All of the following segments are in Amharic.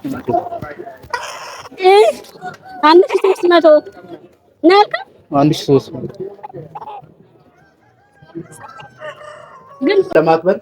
አንድ ሺህ ሦስት መቶ ነው ያልከው? አንድ ሺህ ሦስት መቶ ግን ለማክበር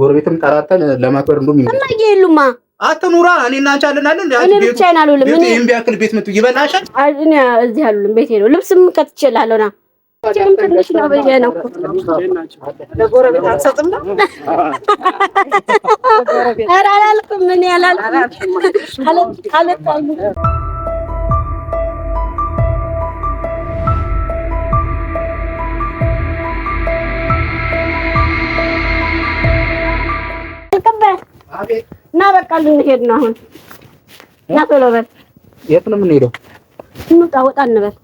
ጎረቤትም ጠራተን ለማክበር እንደውም እማዬ የሉማ አትኑራ። እኔ እና አንቺ አለን አይደል? እኔ ብቻዬን አልውልም። ቤት ቢያክል ቤት መጥቶ ይበላሻል። እኔ እዚህ አልውልም። ቤቴ ነው ልብስም ቀጥቼልሃለሁ ና ትንሽ ነው ብዬሽ ነው እኮ ለጎረቤት አልሰጥም ነው። ኧረ አላልኩም፣ እኔ አላልኩም። እና በቃ ልንሄድ ነው አሁን። እና ቶሎ በል። የት ነው የምንሄደው? እንውጣ፣ ወጣ እንበል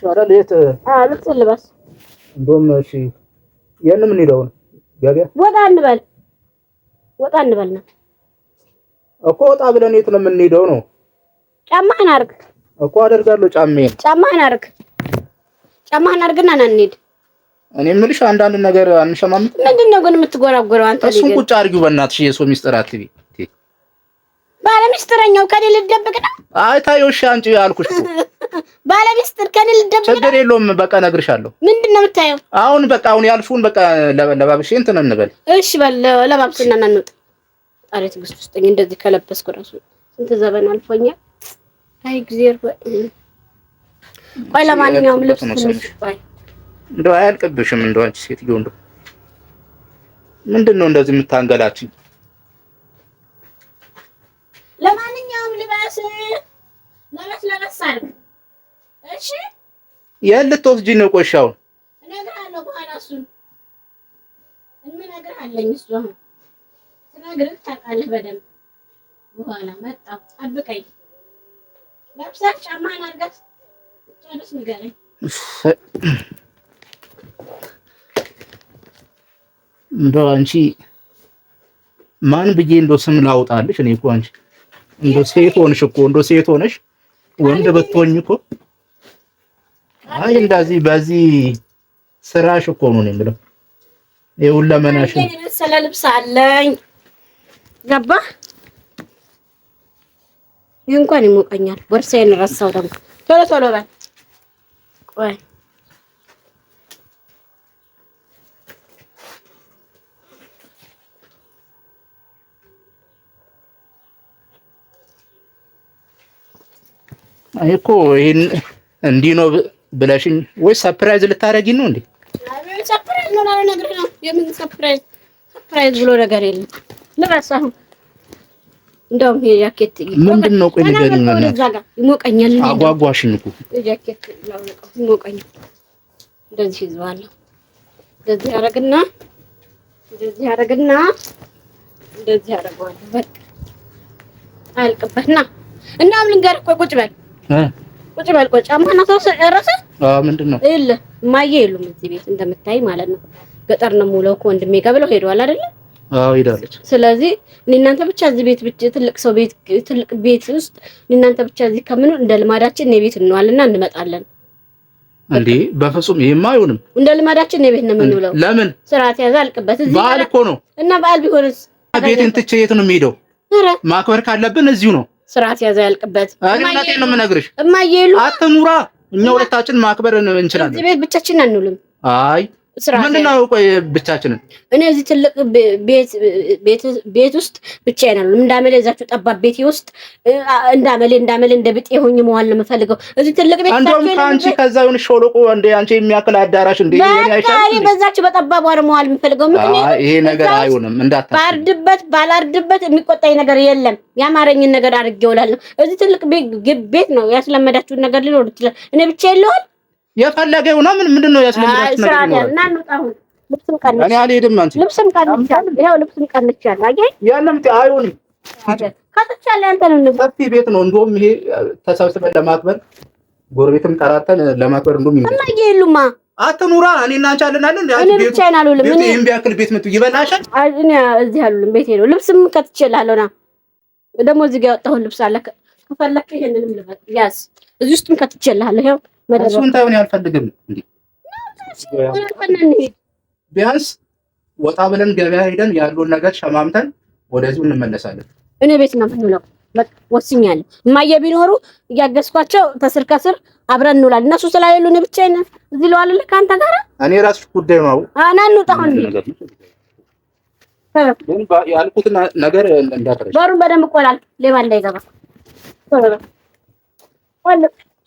ይሻላል። የት ልብስ ልበስ። እንደውም እሺ፣ የት ምን ይለውን ገበያ ወጣ እንበል፣ ወጣ እንበል ነው እኮ። ወጣ ብለን የት ነው የምንሄደው? ነው ጫማህን አድርግ እኮ። አደርጋለሁ። ጫሜን ጫማህን አድርግ፣ ጫማህን አድርግና ና እንሂድ። እኔ የምልሽ አንዳንድ ነገር አንሸማምጥ። ምንድን ነው ግን የምትጎራጎረው አንተ? እሱን ቁጭ አድርጊው በእናትሽ። የሰው ሚስጥር አትቢ። ባለሚስጥረኛው ከሌለ ልደብቅ ነው። አይ ታየው። አንቺ አልኩሽ ባለሚስት ከኔ ልደብ ችግር የለውም። በቃ እነግርሻለሁ። ምንድን ነው የምታየው? አሁን በቃ አሁን ያልፉን በቃ ለባብሽ እንትን እንበል። እሺ በል ለባብሽ እና እናንውጥ። ኧረ ትዕግስት ውስጥ እንደዚህ ከለበስኩ ራሱ ስንት ዘበን አልፎኛል። አይ እግዚአብሔር። ቆይ ለማንኛውም ልብስ ትንሽ ቆይ። እንደው አያልቅብሽም። እንደው አንቺ ሴትዮ እንደው ምንድን ነው እንደዚህ የምታንገላችኝ? ለማንኛውም ልበስ ለበስ ለበስ አለ እሺ፣ የት ልትወስጂ ነው? ቆይ አሁን እነግርሃለሁ። በኋላ እሱን እንነግርሃለኝ። እሱ አሁን ስነግርህ ታውቃለህ በደንብ። በኋላ መጣሁ፣ ጠብቀኝ። ለብሰህ ጫማህን አድርገህ ጨርስ፣ ንገረኝ። እንደው አንቺ ማን ብዬ እንደው ስም ላውጣልሽ? እኔ እኮ አንቺ እንደው ሴት ሆንሽ እኮ እንደው ሴት ሆነሽ ወንድ ብትሆኝ እኮ አይ እንደዚህ በዚህ ስራሽ እኮ ነው የምለው። የሁለመናሽ መሰለ ልብስ አለኝ። ይህ እንኳን ይሞቀኛል። ቦርሳዬን ረሳው። ደግሞ ቶሎ ቶሎ በል ቆይ እኮ ይሄን እንዲህ ነው ብለሽኝ ወይ ሰርፕራይዝ ልታረጊ ነው እንዴ? ሰርፕራይዝ ነው ነገር ነው። የምን ሰርፕራይዝ? ሰርፕራይዝ ብሎ ነገር የለም። ምንድን ነው? ቆይ ንገሪኝ። ይሞቀኛል። አጓጓሽን እኮ እንደዚህ ይዘዋለሁ። እንደዚህ ያደርግና እንደዚህ ያደርግና እንደዚህ ያደርገዋለሁ። በቃ አያልቅበትና እና ምን ልንገርህ። ቆይ ቁጭ በል ቁጭ በል ቆይ። ጫማ እና ሰው ጨረሰ። አዎ ምንድን ነው የለ እማዬ የሉም እዚህ ቤት እንደምታይ ማለት ነው። ገጠር ነው የምውለው እኮ ወንድሜ ጋር ብለው ሄደዋል አይደለ? አዎ ሄዳለች። ስለዚህ እናንተ ብቻ እዚህ ቤት ብቻ ትልቅ ሰው ቤት ትልቅ ቤት ውስጥ እናንተ ብቻ እዚህ ከምኑ እንደ ልማዳችን እኔ ቤት እንዋልና እንመጣለን። እንዴ በፍጹም ይሄማ አይሆንም። እንደ ልማዳችን እኔ ቤት ነው የምንውለው። ለምን ስርዓት ያዘ አልቅበት። እዚህ በዓል እኮ ነው እና በዓል ቢሆንስ ቤቴን ትቼ የት ነው የምሄደው? ማክበር ካለብን እዚሁ ነው ስርዓት ያዘ ያልቅበት። እማዬ ነው የምነግርሽ። እማዬ አትሙራ። እኛ ሁለታችን ማክበር እንችላለን። እዚህ ቤት ብቻችን አንውልም። አይ ምንድነው? ቆይ ብቻችንን እኔ እዚህ ትልቅ ቤት ውስጥ ብቻ አሉ እንዳመሌ እዛችሁ ጠባብ ቤቴ ውስጥ እንዳመሌ እንዳመሌ እንደ ብጤ ሆኜ መዋል ነው የምፈልገው። እዚህ ትልቅ ቤት እንደውም ከአንቺ ከዛ ይሁን ሾሎቁ እንደ አንቺ የሚያክል አዳራሽ እንደ ይሄ በዛችሁ በጠባቧ ነው መዋል የምፈልገው። ምክንያቱም ይሄ ነገር አይሆንም። እንዳታ ባርድበት ባላርድበት የሚቆጣኝ ነገር የለም። ያማረኝን ነገር አድርጌ እውላለሁ። እዚህ ትልቅ ቤት ነው ያስለመዳችሁን ነገር ሊኖር ይችላል። እኔ ብቻዬን ልሆን የፈለገው ነው። ምን ምንድን ነው ያስለምዳችሁ እኔ አንቺ ልብስም ይሄው ልብስም ያለ ነው ቤት ነው። ይሄ ለማክበር ጎረቤትም ለማክበር እና አትኑራ። እኔ እና አንቺ አለን እኔ ብቻዬን አልውልም። እኔ እምቢ ያክል ቤት መጥቶ ይበላሻል። እኔ እዚህ አልውልም፣ ቤቴ ነው። ልብስም ቀጥቼላለሁ። ና ደግሞ እዚህ ጋር ያወጣሁት ልብስ አለ፣ ከፈለክ ይሄንንም ልበል ያስ እዚህ ውስጥም ቀጥቼላለሁ። ይሄው እሱን ታውን አልፈልግም። ቢያንስ ወጣ ብለን ገበያ ሄደን ያሉን ነገር ሸማምተን ወደዚሁ እንመለሳለን። እኔ ቤት ነው የምንውለው። በቃ ወስኛለሁ። እማዬ ቢኖሩ እያገዝኳቸው ከስር ከስር አብረን እንውላለን። እነሱ ስላሌሉ እኔ ብቻዬን እዚህ ልዋልልህ ከአንተ ጋር እኔ ራስሽ ጉዳይ ነው አናንጣሁን ያልኩትን ነገር እንዳትረሽ። በሩን በደንብ ቆላል፣ ሌባ እንዳይገባ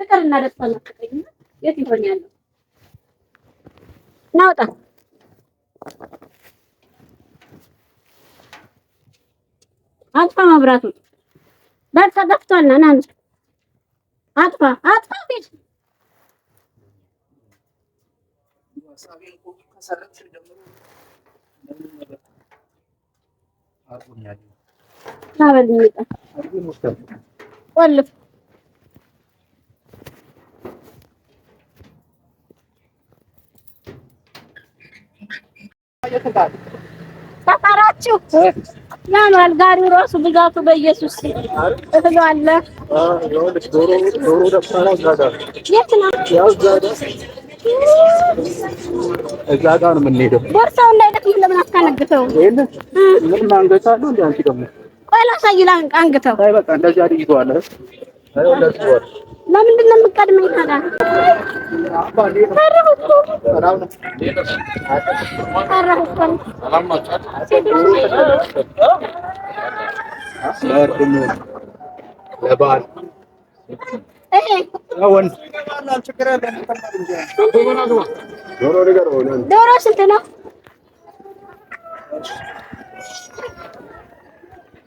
ፍቅር እና ደስታ ናፈቀኝና የት ይሆን ናውጣ አጥፋ መብራቱ በቃ ጠፍቷል። ና አጥፋ አጥፋ ቤት ቆልፍ ተጠራችሁ ያን አልጋሪው ራሱ ብዛቱ በኢየሱስ እህሉ አለ። እዛ ጋ ነው የምንሄደው። ቦርሳውን እንዳይደክም ለምን አታነግተው? ምን ማንገቻ አለው? እንደ አንቺ ደግሞ ቆይ ላሳይ። አንግተው በቃ እንደዚህ አድርጊዋለሁ ለምንድን ነው የምትቀድመኝ ታዲያ? ዶሮ ስንት ነው?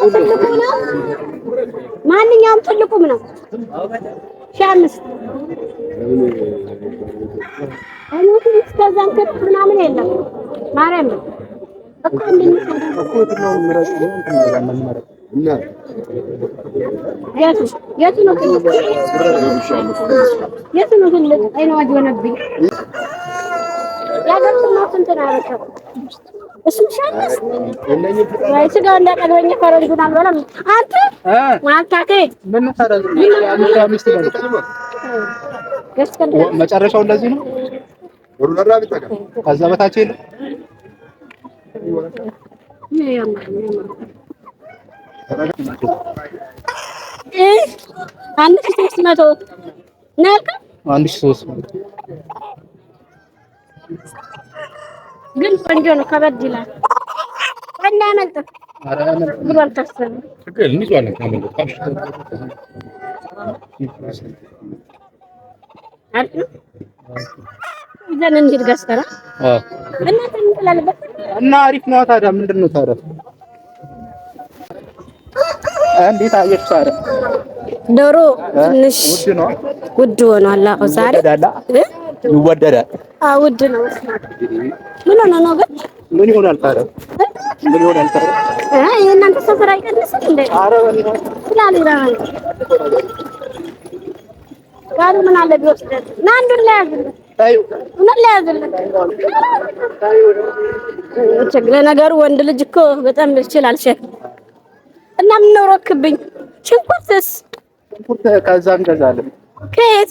ራሱ ትልቁ ነው። ማንኛውም ትልቁም ነው ሺህ አምስት እንግዲህ እስከዛን ክፍት ምናምን የለም። ማርያም እኮ የቱ የቱ ነው ትልቅ የቱ ነው ትልቅ አይነዋጅ ሆነብኝ ያገብስና ስንት ነው እሱም ሻለስ ወይ መጨረሻው እንደዚህ ነው። ከዛ በታች የለም። አንድ ሺህ ሦስት መቶ ነው ያልከው? አንድ ሺህ ሦስት መቶ ግን ቆንጆ ነው። ከበድ ይላል። አናመልጥም ብሎ አልታሰብም። ይዘን እንሂድ ገዝተራ እና አሪፍ ነው። ታዲያ ምንድን ነው ታዲያ? እንዴት አየሽ ታዲያ? ዶሮ ትንሽ ውድ ሆኗል። አዎ ዛሬ ይወደዳል። ውድ ነው። ምን ሆነ ነው ግን? ምን ይሆናል ታዲያ? ምን ይሆናል ታዲያ? አይ የእናንተ ሰፈር አይቀንስም እንዴ? ኧረ ላሊበላ ጋር ምን አለ ቢወስደን እና አንዱን ለያዝልን፣ እውነት ለያዝልን። ለነገሩ ወንድ ልጅ እኮ በጣም ይችላል ሸክ እና ምን ነው ረክብኝ። ሽንኩርትስ? ሽንኩርት ከዛ እንገዛለን። ከየት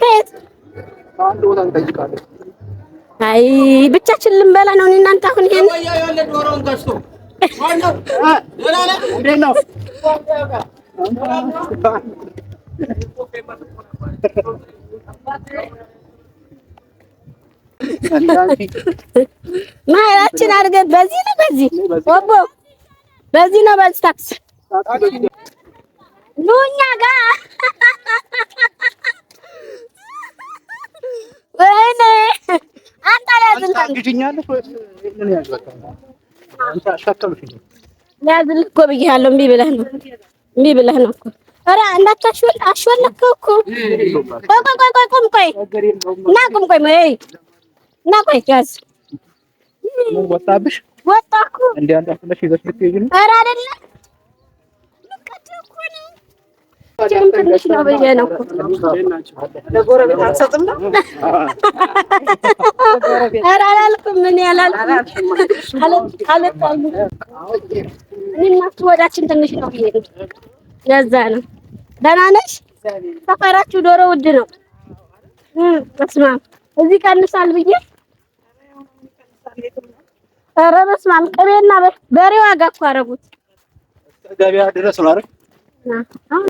ከየት አንድ ቦታ እንጠይቃለን። አይ ብቻችን ልንበላ ነው እናንተ አሁን ይሄን ማራችን አድርገን በዚህ ነው በዚህ ወቦ በዚህ ነው በዚህ ታክሲ ሉኛ ጋር ትወድጅኛለሽ ወይስ ምን ያዝ ነው እምቢ ብለህ ትንሽ ነው ነው ወዳችን ትንሽ ሰፈራችሁ ዶሮ ውድ ነው በስመ አብ እዚህ ቀንሳል ብዬሽ ኧረ በስመ አብ ቅቤና በሬ ዋጋ እኮ አደረጉት ገበያ ድረስ ነው አይደል